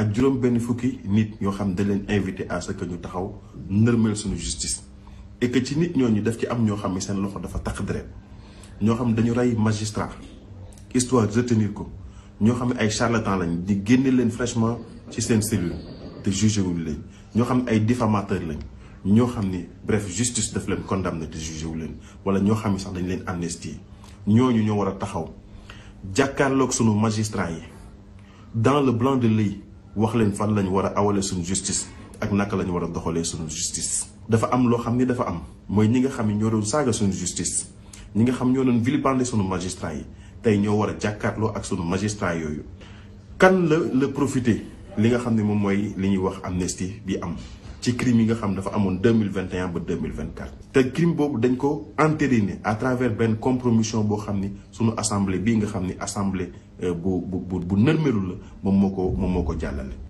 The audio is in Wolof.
ak juróom benn fukki nit ñoo xam dañ leen invité à que ñu taxaw nërmeel suñu justice et que ci nit ñooñu daf ci am ñoo xam ne seen loxo dafa takk deret ñoo xam dañu rey magistrat histoire retenir ko ñoo xam ay charlatan lañ di génne leen fraîchement ci seen cellule te jugé wuñ leen ñoo xam ay diffamateur lañ ñoo xam ne bref justice daf leen condamné te jugé wu leen wala ñoo xam ne sax dañ leen amnistie ñooñu ñoo war a taxaw jàkkaarloog sunu magistrat yi dans le blanc de l'œil wax leen fan lañu war a awale suñu justice ak naka lañu war a doxalee suñu justice. dafa am loo xam ni dafa am mooy ñi nga xam ni ñoo doon saaga suñu justice ñi nga xam ñoo doon vilipender suñu magistrat yi tey ñoo war a jàkkaarloo ak suñu magistrat yooyu. kan la la profité li nga xam ne moom mooy li ñuy wax amnistie bi am. ci crime yi nga xam dafa amoon deux mille vingt et ba de mille vingt quatre te crime boobu dañ ko entériné à travers benn compromission boo xam ni sunu assemblée bii nga xam ni assemblée euh, bu bu bu nërmeelu la moom moo ko moom moo ko jàllale.